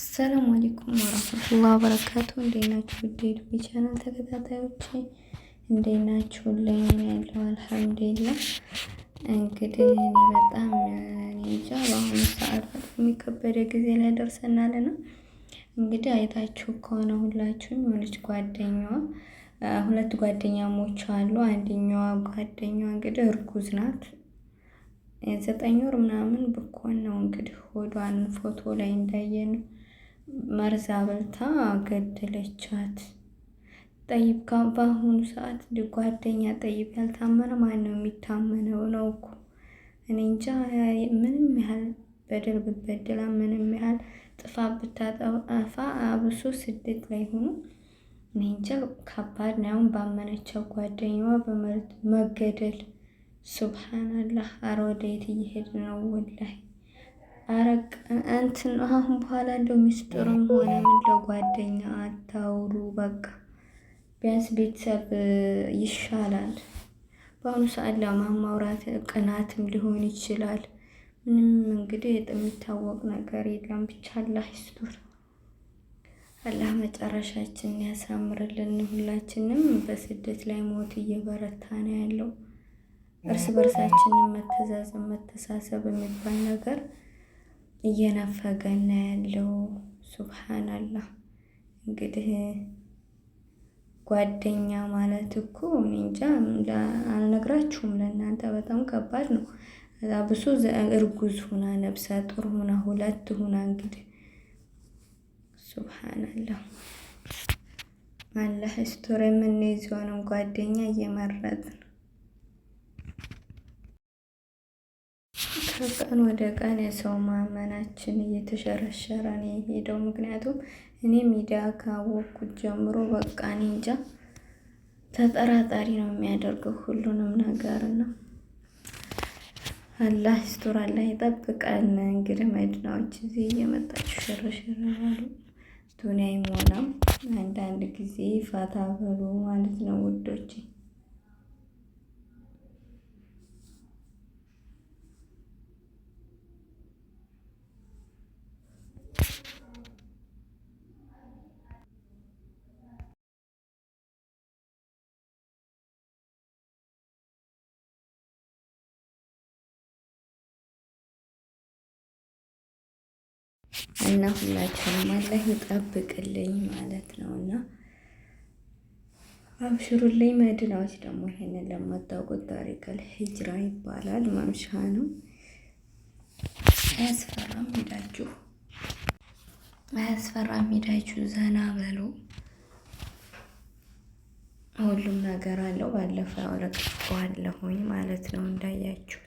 አሰላሙ አለይኩም ወራህመቱላሂ ወበረካቱ። እንዴት ናችሁ? ዴድ ቻናል ተከታታዮች እንዴት ናችሁ? ለኝ ያለው አልሐምዱሊላህ። እንግዲህ እኔ በጣም እንጃ በአሁኑ ሰዓት በጣም የከበደ ጊዜ ላይ ደርሰናልና እንግዲህ አይታችሁ ከሆነ ሁላችሁም የሆነች ጓደኛዋ ሁለት ጓደኛሞች አሉ። አንደኛዋ ጓደኛዋ እንግዲህ እርጉዝ ናት። ዘጠኝ ወር ምናምን ብኮን ነው እንግዲህ ሆዷን ፎቶ ላይ እንዳየ ነው መርዛ በልታ ገደለቻት። ጠይብ በአሁኑ ሰዓት ጓደኛ ጠይብ ያልታመነ ማን ነው የሚታመነው? ነው እኮ እኔ እንጃ። ምንም ያህል በደል ብበደላ፣ ምንም ያህል ጥፋ ብታጠፋ፣ አብሶ ስደት ላይ ሆኖ እኔ እንጃ ከባድ ነው። ባመነቻው ጓደኛዋ በመርዝ መገደል ሱብሃናላህ። አረ ወደየት እየሄድ ነው ወላሂ አረቅ እንትን አሁን በኋላ እንደው ሚስጥሩም ሆነ ምን ለጓደኛ አታውሩ። በቃ ቢያንስ ቤተሰብ ይሻላል። በአሁኑ ሰዓት ለማማውራት ቅናትም ሊሆን ይችላል። ምንም እንግዲህ የሚታወቅ ነገር የለም። ብቻ አላህ ይስጥር። አላህ መጨረሻችን ያሳምርልን። ሁላችንም በስደት ላይ ሞት እየበረታ ነው ያለው። እርስ በርሳችንን መተዛዘን፣ መተሳሰብ የሚባል ነገር እየነፈገን ያለው ሱብሃናላህ። እንግዲህ ጓደኛ ማለት እኮ እኔ እንጃ አልነግራችሁም፣ ለእናንተ በጣም ከባድ ነው። እዛ ብሱ እርጉዝ ሁና ነብሰ ጡር ሁና ሁለት ሁና እንግዲህ ሱብሃናላህ አላህ ስቶር የምንይዘውንም ጓደኛ እየመረጥ ነው። ከቀን ወደ ቀን የሰው ማመናችን እየተሸረሸረ ነው የሄደው። ምክንያቱም እኔ ሚዲያ ካወቅኩት ጀምሮ በቃ እኔ እንጃ ተጠራጣሪ ነው የሚያደርገው ሁሉንም ነገር ነው። አላህ ይስቶር፣ አላህ ይጠብቀን። እንግዲህ መድናዎች እዚህ እየመጣችሁ ሸረሸረ ያሉ ዱንያ ይሞላም። አንዳንድ ጊዜ ፋታ በሉ ማለት ነው ውዶች። እና ሁላችንም አላህ ይጠብቅልኝ ማለት ነው። እና አብሽሩልኝ መድናዎች ደግሞ ይሄንን ለማታውቁት ታሪካል ሂጅራ ይባላል። ማምሻ ነው፣ አያስፈራም። ሄዳችሁ አያስፈራም። ሄዳችሁ ዘና በሉ። ሁሉም ነገር አለው። ባለፈው አውረቅዋለሁኝ ማለት ነው እንዳያችሁ